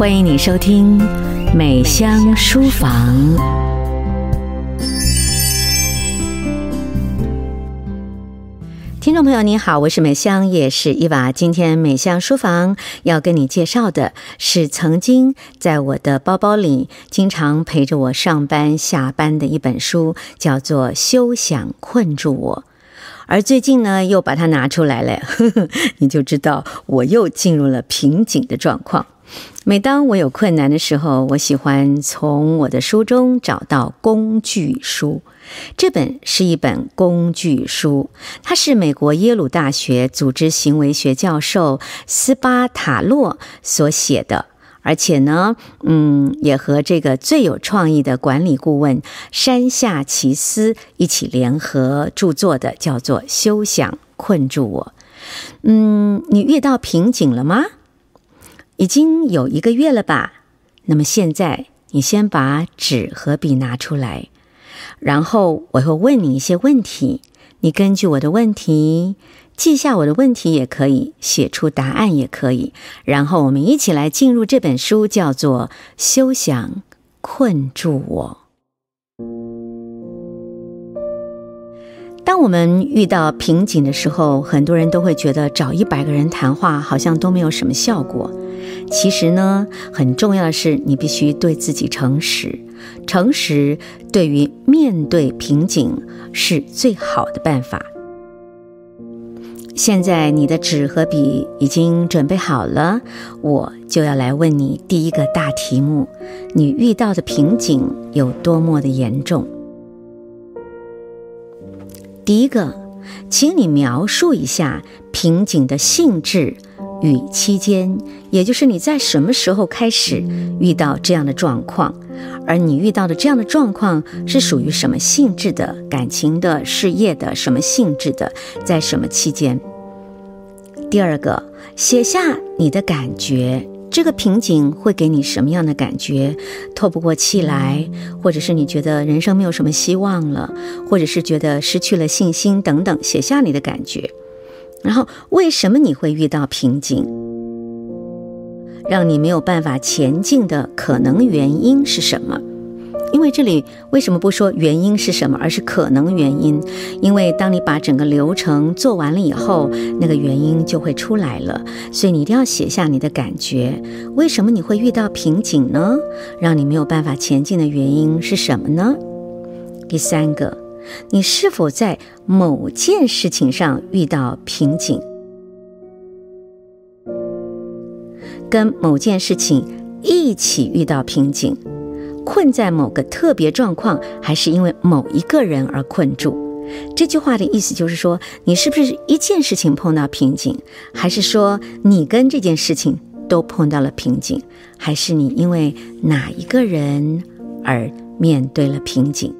歡迎你收聽《美香書房》。聽眾朋友，你好，我是美香，也是伊娃。今天《美香書房》要跟你介紹的，是曾經在我的包包裡經常陪着我上班、下班的一本書，叫做《休想困住我》。而最近呢，又把它拿出來了，呵呵，你就知道我又進入了瓶頸的狀況。每當我有困難的時候，我喜歡從我的書中找到工具書。這本是一本工具書，它是美國耶魯大學組織行為學教授斯巴塔洛所寫的。而且呢，嗯，也和這個最有創意的管理顧問山下奇斯一起聯合著作的，叫做《休想困住我》。嗯，你遇到瓶頸了嗎？已經有一個月了吧？那麼現在，你先把紙和筆拿出來，然後我會問你一些問題，你根據我的問題。記下我的問題也可以，寫出答案也可以。然後我們一起來進入這本書，叫做《休想困住我》。當我們遇到瓶頸的時候，很多人都會覺得找一百個人談話好像都沒有什麼效果。其實呢，很重要的是你必須對自己誠實，誠實對於面對瓶頸是最好的辦法。現在你的紙和筆已經準備好了，我就要來問你第一個大題目，你遇到的瓶頸有多麼的嚴重？第一個，請你描述一下瓶頸的性質。與期間，也就是你在什麼時候開始遇到這樣的狀況，而你遇到的這樣的狀況是屬於什麼性質的？感情的、事業的，什麼性質的？在什麼期間？第二個，寫下你的感覺，這個瓶頸會給你什麼樣的感覺？透不過氣來，或者是你覺得人生沒有什麼希望了，或者是覺得失去了信心等等，寫下你的感覺。然後，為什麼你會遇到瓶頸？讓你沒有辦法前進的可能原因是什麼？因為這裡為什麼不說原因是什麼，而是可能原因？因為當你把整個流程做完了以後，那個原因就會出來了。所以你一定要寫下你的感覺：為什麼你會遇到瓶頸呢？讓你沒有辦法前進的原因是什麼呢？第三個。你是否在某件事情上遇到瓶頸，跟某件事情一起遇到瓶頸，困在某個特別狀況，還是因為某一個人而困住？這句話的意思就是說，你是不是一件事情碰到瓶頸，還是說你跟這件事情都碰到了瓶頸，還是你因為哪一個人而面對了瓶頸？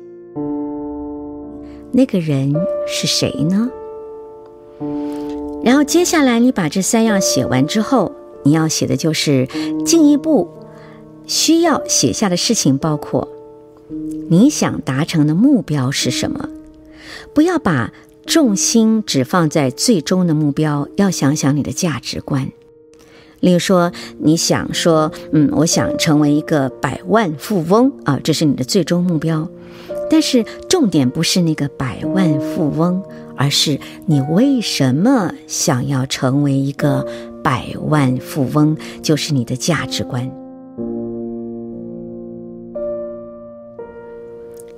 那個人是誰呢？然後接下來，你把這三樣寫完之後，你要寫的就是進一步需要寫下的事情，包括你想達成的目標是什麼。不要把重心只放在最終的目標，要想想你的價值觀。例如說，你想說，嗯，我想成為一個百萬富翁啊，這是你的最終目標，但是。重點不是那個百萬富翁，而是你為什麼想要成為一個百萬富翁，就是你的價值觀。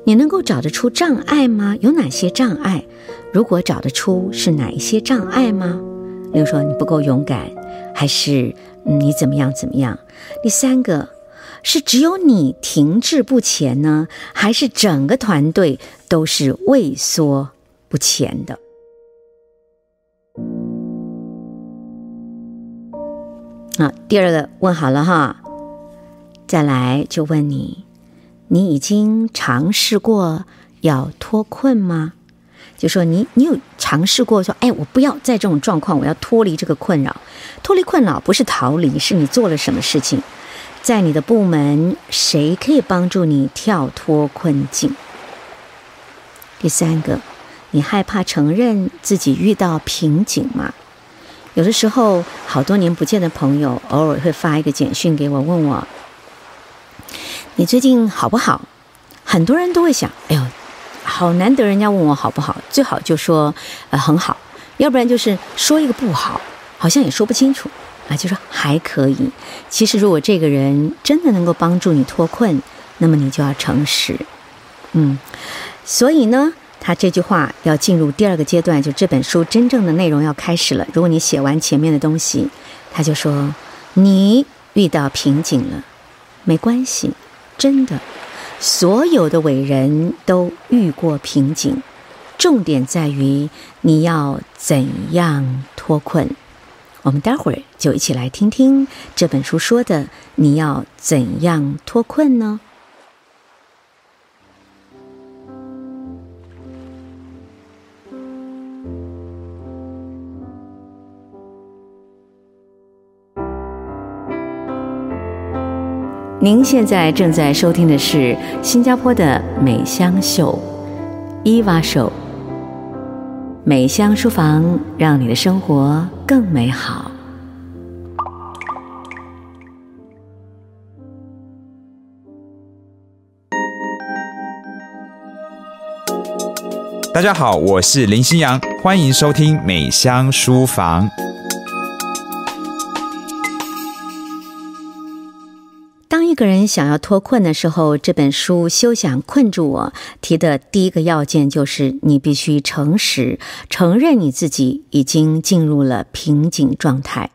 你能夠找得出障礙嗎？有哪些障礙？如果找得出，是哪一些障礙嗎？比如說你不夠勇敢，還是你怎麼樣怎麼樣？第三個。是只有你停滯不前呢？還是整個團隊都是畏縮不前的？好、啊，第二個問好了哈，再來就問你：你已經嘗試過要脫困嗎？就是、說你，你有嘗試過說，哎，我不要在這種狀況，我要脫離這個困擾。脫離困擾不是逃離，是你做了什麼事情？在你的部門，誰可以幫助你跳脫困境？第三個，你害怕承認自己遇到瓶頸嗎？有的時候，好多年不見的朋友，偶爾會發一個簡訊給我，問我你最近好不好？很多人都會想，哎呦，好難得人家問我好不好，最好就說，呃，很好，要不然就是說一個不好，好像也說不清楚。就說還可以，其實如果這個人真的能夠幫助你脫困，那麼你就要誠實。嗯，所以呢，他這句話要進入第二個階段，就這本書真正的內容要開始了。如果你寫完前面的東西，他就說你遇到瓶頸了，沒關係，真的，所有的偉人都遇過瓶頸，重點在於你要怎樣脫困。我們待會兒就一起來聽聽這本書說的，你要怎樣脫困呢？您現在正在收聽的是新加坡的美香秀，伊娃手。美香書房，讓你的生活更美好。大家好，我是林新陽，歡迎收聽美香書房。個人想要脫困的時候，這本書休想困住我。提的第一個要件就是，你必須誠實，承認你自己已經進入了瓶頸狀態。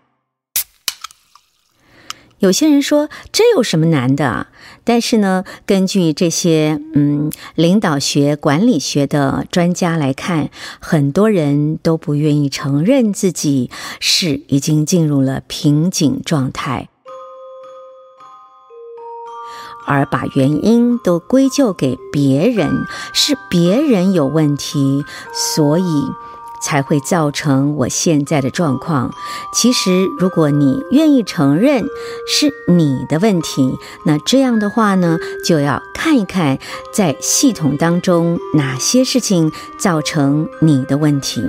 有些人說這有什麼難的啊？但是呢，根據這些嗯領導學、管理學的專家來看，很多人都不願意承認自己是已經進入了瓶頸狀態。而把原因都歸咎給別人，是別人有問題，所以才會造成我現在的狀況。其實，如果你願意承認是你的問題，那這樣的話呢，就要看一看在系統當中哪些事情造成你的問題。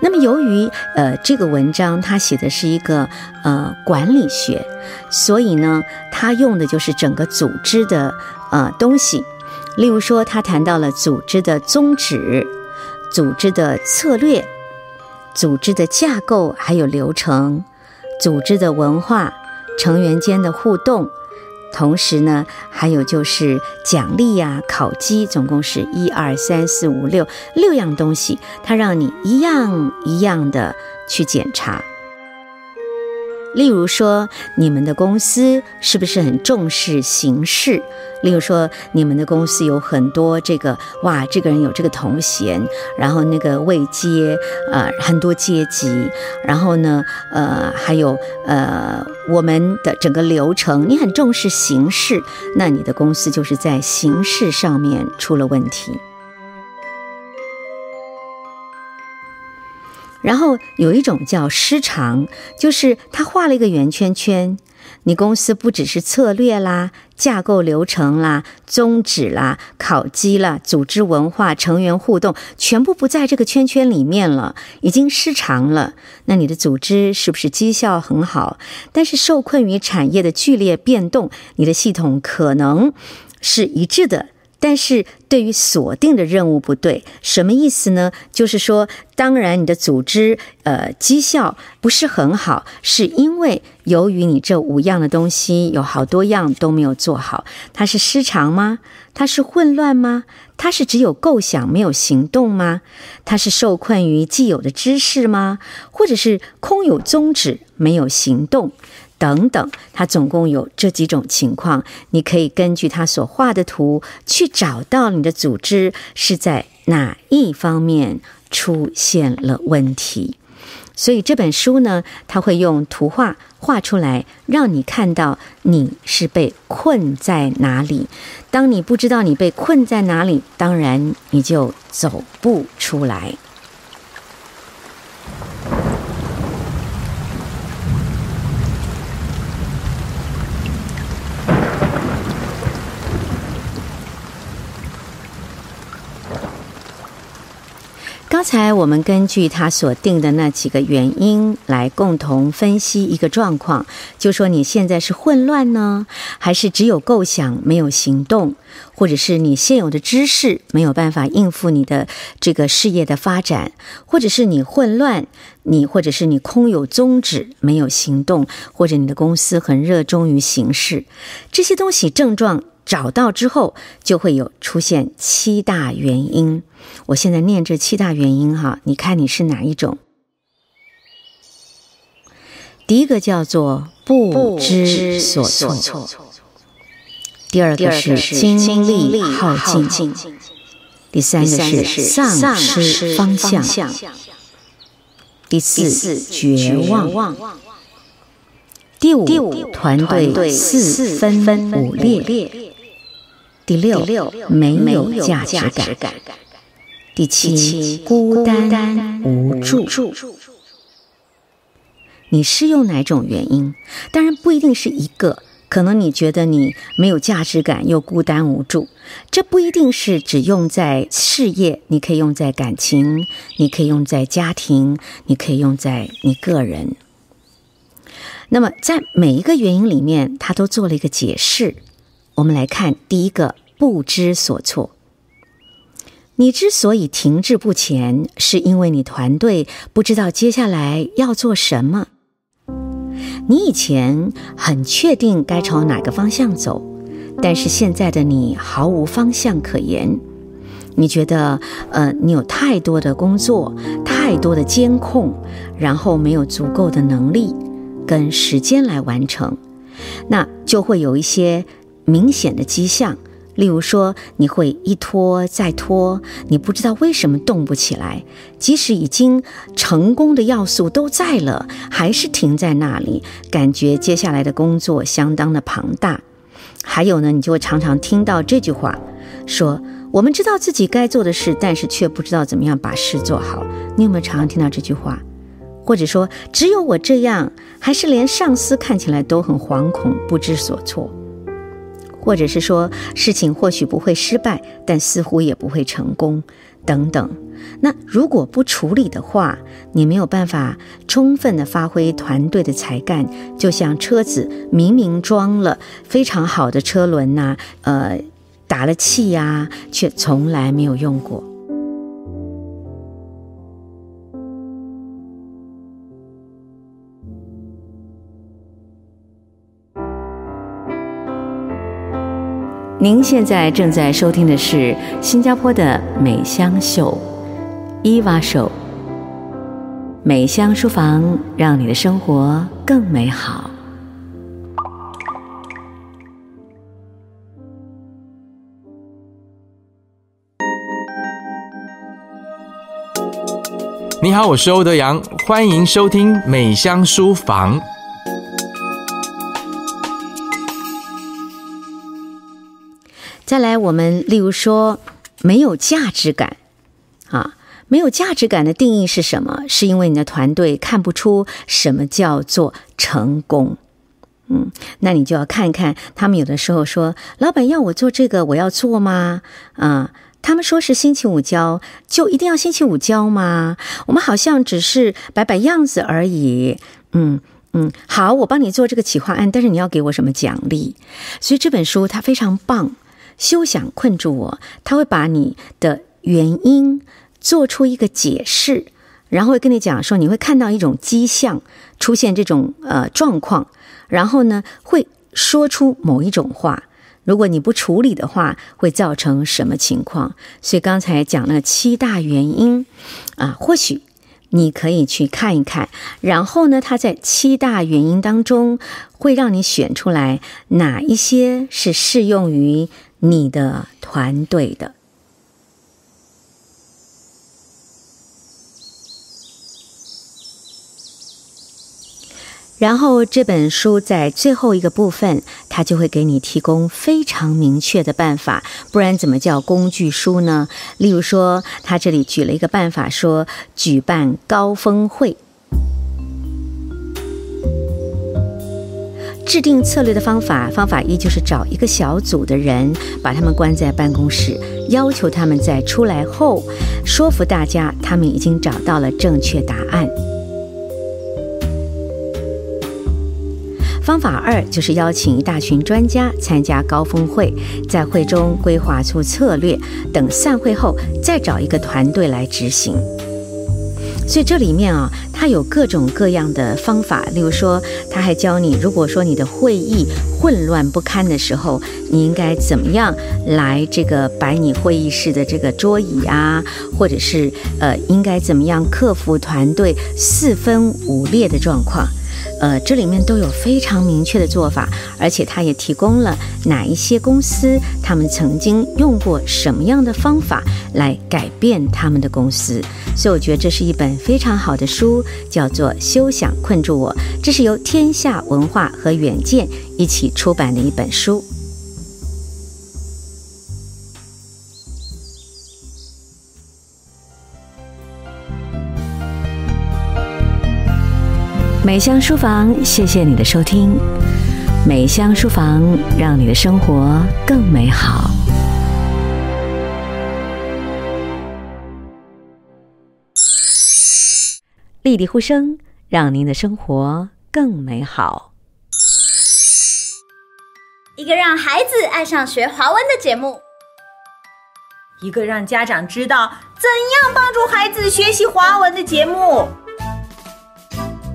那麼，由於呃這個文章他寫的是一個呃管理學，所以呢，他用的就是整個組織的呃東西，例如說他談到了組織的宗旨、組織的策略、組織的架構、還有流程、組織的文化、成員間的互動。同時呢，還有就是獎勵呀、啊、考績，總共是一二三四五六六樣東西，他讓你一樣一樣的去檢查。例如說，你們的公司是不是很重視形式？例如說，你們的公司有很多這個，哇，這個人有這個頭銜，然後那個位階，啊、呃，很多階級，然後呢，呃，還有呃，我們的整個流程，你很重視形式，那你的公司就是在形式上面出了問題。然後有一種叫失常，就是他畫了一個圓圈圈，你公司不只是策略啦、架構、流程啦、宗旨啦、考績啦、組織文化、成員互動，全部不在這個圈圈裡面了，已經失常了。那你的組織是不是績效很好？但是受困於產業的劇烈變動，你的系統可能是一致的。但是，對於鎖定的任務不對，什麼意思呢？就是說，當然你的組織呃績效不是很好，是因為由於你這五樣的東西有好多樣都沒有做好。它是失常嗎？它是混亂嗎？它是只有構想沒有行動嗎？它是受困於既有的知識嗎？或者是空有宗旨沒有行動？等等，它總共有這幾種情況，你可以根據它所畫的圖去找到你的組織是在哪一方面出現了問題。所以這本書呢，它會用圖畫畫出來，讓你看到你是被困在哪裡。當你不知道你被困在哪裡，當然你就走不出來。剛才我們根據他所定的那幾個原因來共同分析一個狀況，就說你現在是混亂呢，還是只有構想沒有行動，或者是你現有的知識沒有辦法應付你的這個事業的發展，或者是你混亂，你或者是你空有宗旨沒有行動，或者你的公司很熱衷於形式，這些東西症狀找到之後，就會有出現七大原因。我現在念這七大原因哈，你看你是哪一種？第一個叫做不知所措，第二個是精力耗盡，第三個是喪失方向，第四絕望，第五團隊四分、分五裂，第六沒有價值感。第七，孤單無助。你是用哪種原因？當然不一定是一個，可能你覺得你沒有價值感又孤單無助，這不一定是只用在事業，你可以用在感情，你可以用在家庭，你可以用在你個人。那麼在每一個原因裡面，他都做了一個解釋。我們來看第一個，不知所措。你之所以停滯不前，是因為你團隊不知道接下來要做什麼。你以前很確定該朝哪個方向走，但是現在的你毫無方向可言。你覺得，呃，你有太多的工作，太多的監控，然後沒有足夠的能力跟時間來完成，那就會有一些明顯的跡象。例如說，你會一拖再拖，你不知道為什麼動不起來，即使已經成功的要素都在了，還是停在那裡，感覺接下來的工作相當的龐大。還有呢，你就會常常聽到這句話：說我們知道自己該做的事，但是卻不知道怎麼樣把事做好。你有沒有常常聽到這句話？或者說，只有我這樣，還是連上司看起來都很惶恐，不知所措。或者是說，事情或許不會失敗，但似乎也不會成功，等等。那如果不處理的話，你沒有辦法充分地發揮團隊的才幹，就像車子明明裝了非常好的車輪吶、啊，呃，打了氣呀、啊，卻從來沒有用過。您現在正在收聽的是新加坡的美香秀伊娃秀，美香書房讓你的生活更美好。你好，我是歐德陽，歡迎收聽美香書房。我們例如說沒有價值感，啊，沒有價值感的定義是什麼？是因為你的團隊看不出什麼叫做成功。嗯，那你就要看一看他們有的時候說，老闆要我做這個，我要做嗎？啊，他們說是星期五交，就一定要星期五交嗎？我們好像只是擺擺樣子而已。嗯嗯，好，我幫你做這個企劃案，但是你要給我什麼獎勵？所以這本書它非常棒。休想困住我，他會把你的原因做出一個解釋，然後會跟你講說，你會看到一種跡象出現這種呃狀況，然後呢會說出某一種話，如果你不處理的話，會造成什麼情況？所以剛才講了七大原因，啊，或許你可以去看一看，然後呢，他在七大原因當中，會讓你選出來哪一些是適用於。你的團隊的，然後這本書在最後一個部分，它就會給你提供非常明確的辦法，不然怎麼叫工具書呢？例如說，他這裡舉了一個辦法，說舉辦高峰會。制定策略的方法，方法一就是找一個小組的人，把他們關在辦公室，要求他們在出來後說服大家他們已經找到了正確答案。方法二就是邀請一大群專家參加高峰會，在會中規劃出策略，等散會後再找一個團隊來執行。所以這裡面啊、哦，它有各種各樣的方法。例如說，他還教你，如果說你的會議混亂不堪的時候，你應該怎麼樣來這個擺你會議室的這個桌椅啊，或者是呃，應該怎麼樣克服團隊四分五裂的狀況。呃，這裡面都有非常明確的做法，而且它也提供了哪一些公司，他們曾經用過什麼樣的方法來改變他們的公司，所以我覺得這是一本非常好的書，叫做《休想困住我》，這是由天下文化和遠見一起出版的一本書。美香書房，謝謝你的收聽。美香書房，讓你的生活更美好。麗的呼聲，讓您的生活更美好。一個讓孩子愛上學華文的節目，一個讓家長知道怎樣幫助孩子學習華文的節目。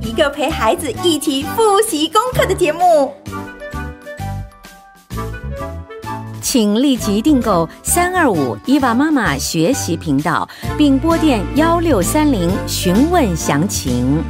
一個陪孩子一起複習功課的節目，請立即訂購三二五伊娃媽媽學習頻道，並撥電幺六三零詢問詳情。